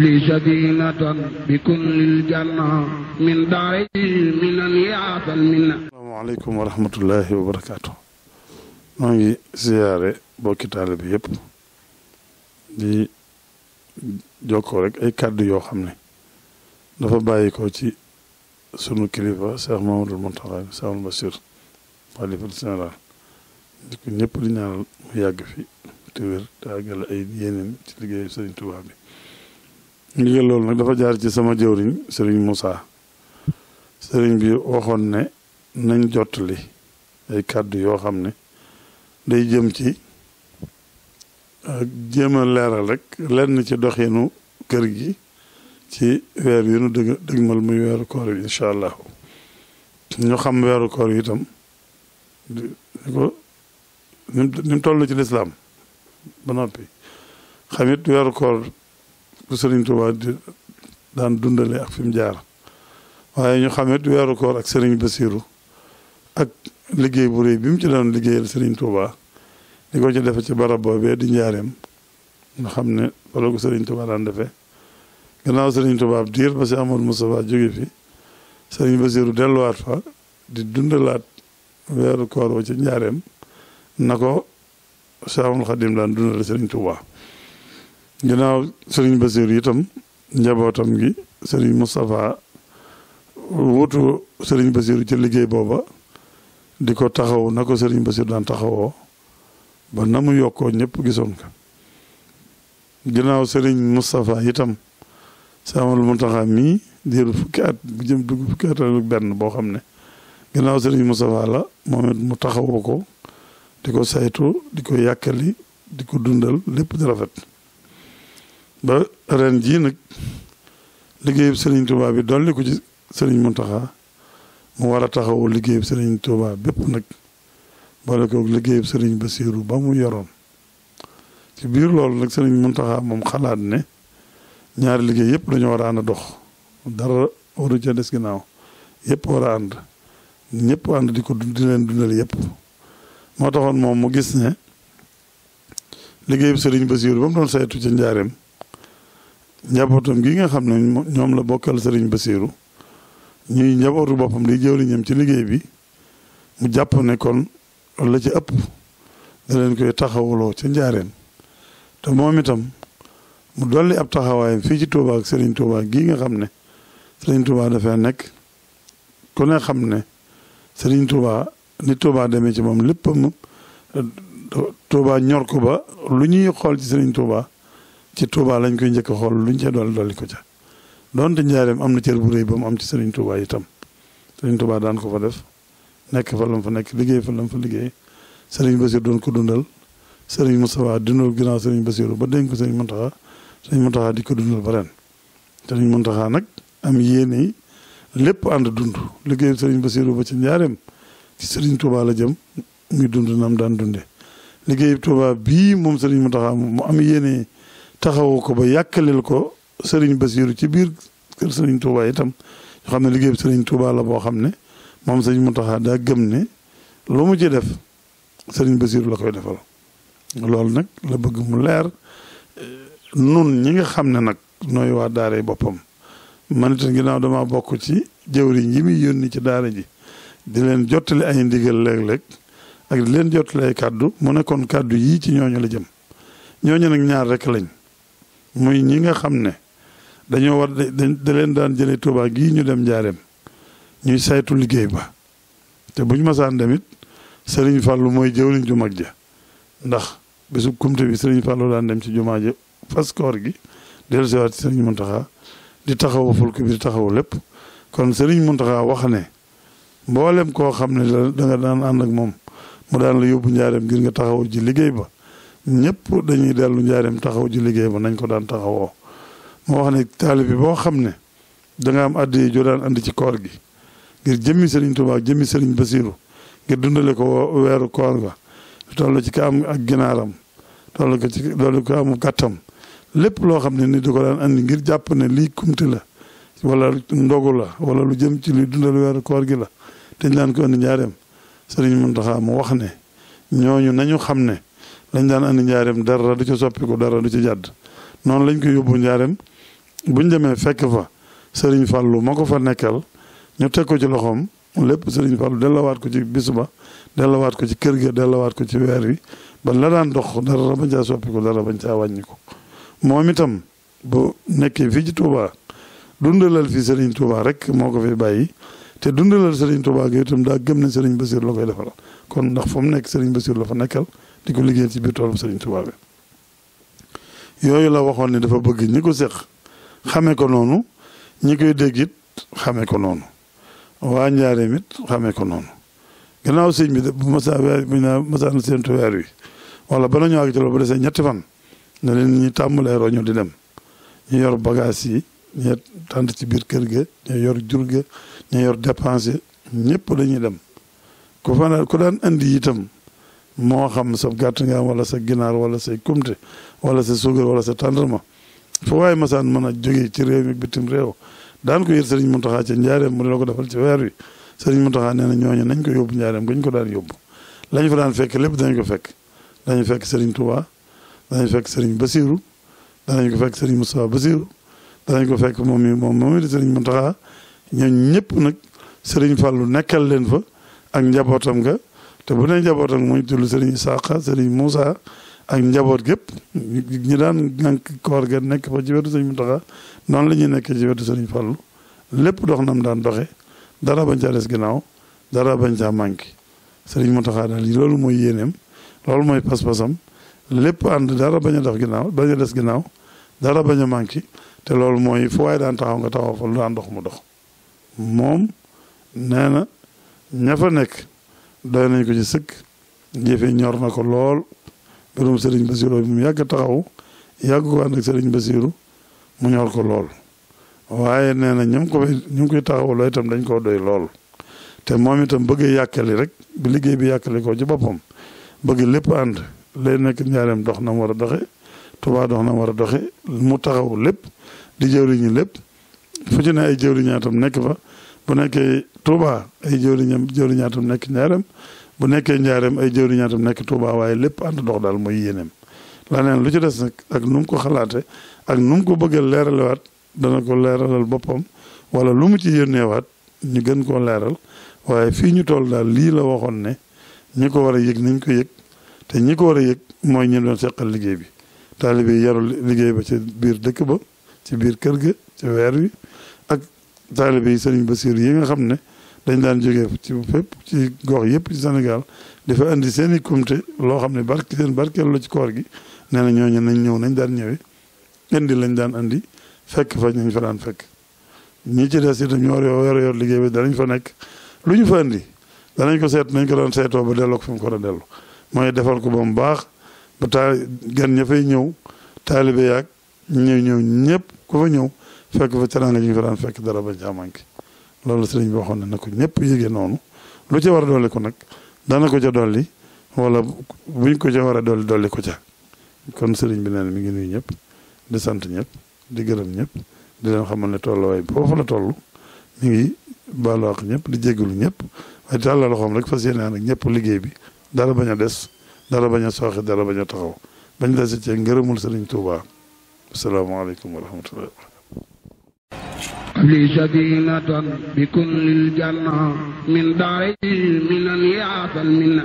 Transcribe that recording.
لي سكينة بكل الجنة من داري ngi ziyaare bokki taalibe bi di jokkoo rek ay kàddu yoo xam ne dafa bàyyi ko ci sunu kilifa Cheikh Mamadou Mountakha Cheikhoul Bassir xalifa général di ko ñëpp di ñaanal mu yàgg fi te wér te àggale ay yeneen ci liggéeyu Sëriñ Tuubaa bi ndigal loolu nag dafa jaar ci sama jëwriñ sëriñ Moussa sëriñ bi waxoon ne nañ jotli ay kàddu yoo xam ne day jëm ci jéem a leeral rek lenn ci doxinu kër gi ci weer yi nu dëgg dëgmal muy weeru koor yi incha allah ñu xam weeru koor yi itam ni ko ni ci lislaam ba noppi xam it weeru koor bu Serigne Touba daan dundale ak fi mu jaar waaye ñu xamit weeru koor ak Serigne Bassirou ak liggéey bu réy bi mu ci doon liggéeyal Serigne Touba di ko ci defe ci barab boobee di njaareem nga xam ne wala ko Serigne Touba daan defee gannaaw Serigne Touba ab diir ba si Amadou Moustapha jóge fi Serigne Bassirou delluwaat fa di dundalaat weeru koor wa ci njaareem na ko Cheikhul Khadim daan dundale Serigne Touba ginnaaw sëriñ Basiir itam njabootam gi sëriñ Moustapha wutu sëriñ Basiir ci liggéey booba di ko taxaw na ko sëriñ Basiir daan taxawoo ba na mu yokkoo ñëpp gisoon ko ginnaaw sëriñ Moustapha itam saamal Muntaxa mii diiru fukki at bu jëm dugg fukki at ak benn boo xam ne ginnaaw sëriñ Moustapha la moom mu taxawoo ko di ko saytu di ko yàkkali di ko dundal lépp di rafet ba ren jii nag liggéeyub sëriñ Touba bi dolli ko ci sëriñ Mountakha mu war a taxawu liggéeyub Serigne Touba bépp nag boole koog liggéey Serigne Bassirou ba mu yoroon ci biir lool nag Serigne Mountakha moom xalaat ne ñaari liggéey yëpp dañoo war a ànd dox dara waru ca des ginnaaw yëpp war a ànd ñëpp ànd di ko di leen dundal yëpp moo taxoon moom mu gis ne liggéeyub Serigne Bassirou ba mu doon saytu ci njaareem. njabootam gii nga xam ne ñoom la bokkal sëriñ Basiiru ñuy njabootu boppam di jëwliñam ci liggéey bi mu jàpp ne kon la ci ëpp da leen koy taxawaloo ca njaareen te moom itam mu dolli ab taxawaayam fii ci Touba ak sëriñ Touba gi nga xam ne sëriñ Touba dafay nekk ku ne xam ne sëriñ Touba ni Touba demee ci moom léppam tuubaa ñor ko ba lu ñuy xool ci sëriñ Touba ci Touba lañ koy njëkk a xool luñ cee dolli dolli ko ca donte njaareem am na cër bu rëy ba mu am ci Serigne Touba itam Serigne Touba daan ko fa def nekk fa lam fa nekk liggéey fa lam fa liggéey Serigne Bassirou doon ko dundal Serigne Moustapha dundal ginnaaw Serigne Bassirou ba dénk ko Serigne Mountakha Serigne Mountakha di ko dundal ba ren Serigne Mountakha nag am yéene yi lépp ànd dund liggéey Serigne Bassirou ba ci njaareem ci Serigne Touba la jëm muy dund nam daan dunde liggéey Touba bii moom Serigne Mountakha mu am yéene taxawu ko ba yàkkalil ko Serigne Basiru ci biir kër Serigne Touba itam yoo xam ne liggéey bi Serigne la boo xam ne moom sëñ Mountakha daa gëm ne lu mu ji def sëriñ Basiru la koy defal loolu nag la bëgg mu leer nun ñi nga xam ne nag nooy waa daaray boppam man itam ginnaaw dama bokk ci jëwriñ yi muy yónni ci daara ji di leen jottali ay ndigal léeg-léeg ak di leen jottali ay kàddu mu nekkoon kàddu yii ci ñooñu la jëm ñooñu nag ñaar rek lañ muy ñi nga xam ne dañoo war da leen daan jëlee Tuubaa gii ñu dem njaareem ñuy saytu liggéey ba te buñ masaan demit sëriñ fàllu mooy jëwriñ ju mag ja ndax bésu kumte bi sëriñ fàllu daan dem ci jumaa ja fas koor gi dellu siwaat ci sëriñ Muntaxa di taxawu fulk bi di taxawu lépp kon sëriñ Muntaxa wax ne mboolem koo xam ne da nga daan ànd ak moom mu daan la yóbbu njaareem ngir nga taxawu ji liggéey ba ñëpp dañuy dellu njaareem taxaw ji liggéey ba nañ ko daan taxawoo moo wax ne taali bi boo xam ne danga am addi joo daan andi ci koor gi ngir jëmmi sëriñ Tuubaa jëmmi sëriñ Basiiru ngir dundale ko weeru koor ga toll ci ka am ak ginaaram toll ko ci toll am gàttam lépp loo xam ne ni da ko daan andi ngir jàpp ne lii kumte la wala ndogu la wala lu jëm ci luy dundal weeru koor gi la dañ daan ko andi njaareem sëriñ Muntaxa mu wax ne ñooñu xam ne lañ daan andi njaareem dara du ci soppiku dara du ci jàdd noonu lañ koy yóbbu njaareem buñ demee fekk fa Serigne Fallou moo ko fa nekkal ñu teg ko ci loxoom lépp Serigne Fallou dellawaat ko ci bis dellowaat ko ci kër ga dellawaat ko ci weer wi ba la daan dox dara bañ caa ko dara bañ caa wàññi ko moom itam bu nekkee fii ci Touba dundalal fi Serigne Touba rek moo ko fi bàyyi te dundalal Serigne Touba gi itam daa gëm ne Serigne Bassir la koy defal kon ndax fu mu nekk Serigne Bassir la fa nekkal. di ko liggéeyal ci biir toolu Serigne Touba bi yooyu la waxoon ni dafa bëgg ñi ko séq xamee ko noonu ñi koy dégg it xamee ko noonu waa njaareem it xamee ko noonu gannaaw sëñ bi de bu masaa weer bu ñu séentu weer wi wala ba nañu àgg ci loolu ba desee ñetti fan ne leen ñi tàmbalee roñu di dem ñu yor bagaas yi ñu tànt ci biir kër gi ñu yor jur gi ñu yor dépense ñëpp dañuy dem ku fa ku daan andi itam moo xam sa gàtt nga am wala sa ginaar wala say kumte wala sa sugar wala sa tàndarma foo waaye masaan mën a jógee ci réew mi bitim réew daan ko yër sëriñ Muntaxa ci njaareem mu ne la ko defal ci weer wi sëriñ Muntaxa nee na ñooñu nañ ko yóbbu njaareem gañ ko daan yóbbu lañ fa daan fekk lépp dañ ko fekk dañu fekk sëriñ Touba dañu fekk sëriñ Basiru danañ ko fekk sëriñ Moustapha Basiru danañ ko fekk moom mi moom moom di sëriñ Muntaxa ñooñu ñëpp nag sëriñ Fàllu nekkal leen fa ak njabootam nga te bu ne njaboot nag mooy tudd Serigne Isaka Serigne Moussa ak njaboot gépp ñi daan ngànk koor ga nekk fa ci wetu Serigne Mountakha noonu la ñuy nekkee ci wetu Serigne Fallou lépp dox nam daan doxee dara bañ caa des ginnaaw dara bañ caa manqué Serigne Mountakha daal loolu mooy yéeneem loolu mooy pas-pasam lépp ànd dara bañ a dox ginnaaw bañ a des ginnaaw dara bañ a manqué te loolu mooy fu waaye daan taxaw nga taxaw fa lu daan dox mu dox moom nee na ña nekk. doy nañ ko ci sëkk jëfe ñor na ko lool mbirum sëriñ Basiru bi mu yàgg taxaw yàgg ko ànd ak sëriñ Basiru mu ñor ko lool waaye nee na ñam ko ñu ngi koy taxaw loo itam dañ koo doy lool te moom itam bëgg yàkkali rek bi liggéey bi yàkkali ko ci boppam bëgg lépp ànd lay nekk njaareem dox na mu war a doxe tubaa dox na mu war a doxe mu taxaw lépp di jëwriñu lépp fu ci ne ay jëwriñaatam nekk fa bu nekkee Touba ay jëwriñam jëwriñaatam nekk njaaram bu nekkee njaaram ay jëwriñaatam nekk Touba waaye lépp ànd dox daal mooy yéeneem laneen lu ci des nag ak num ko xalaate ak num ko bëggee leeralewaat dana ko leeralal boppam wala lu mu ci yónneewaat ñu gën koo leeral waaye fii ñu toll daal lii la waxoon ne ñi ko war a yëg nañ ko yëg te ñi ko war a yëg mooy ñi doon seqal liggéey bi taalibe yarul liggéey ba ci biir dëkk ba ci biir kër gi ci weer taalibe yi Serigne Bassirou yi nga xam ne dañ daan jógee ci ci gox yëpp ci Sénégal dafa indi seen i kumte loo xam ne barke seen barkeelu la ci koor gi nee na ñooñu nañ ñëw nañ daan ñëwee indi lañ daan indi fekk fa ñu fa daan fekk. ñi ci des itam ñoo liggéey bi danañ fa nekk lu ñu fa indi danañ ko seet nañ ko doon seetoo ba delloo ko fi mu ko doon delloo mooy defar ko ba mu baax ba taa gan ña fay ñëw taalibe yaag ñëw ñëw ñëpp ku fa ñëw. fekk fa teraanga ji ñu fa daan fekk dara ba jaamanke loolu sëriñ bi waxoon ne ko ñëpp yëgee noonu lu ca war a dolli ko nag dana ko ca dolli wala buñ ko ca war a dolli dolli ko ca kon sëriñ bi nee mi ngi nuyu ñëpp di sant ñëpp di gërëm ñëpp di leen xamal ne tolluwaay foofu la toll mi ngi baalu ñëpp di jéggalu ñëpp waaye tàllal loxoom rek fas yéene nag ñëpp liggéey bi dara bañ a des dara bañ a sooxe dara bañ a taxaw bañ dese cee ngërëmul sëriñ Touba asalaamaaleykum wa rahmatullah li sadinatan bi kun lil janna min daari minan yaatal minna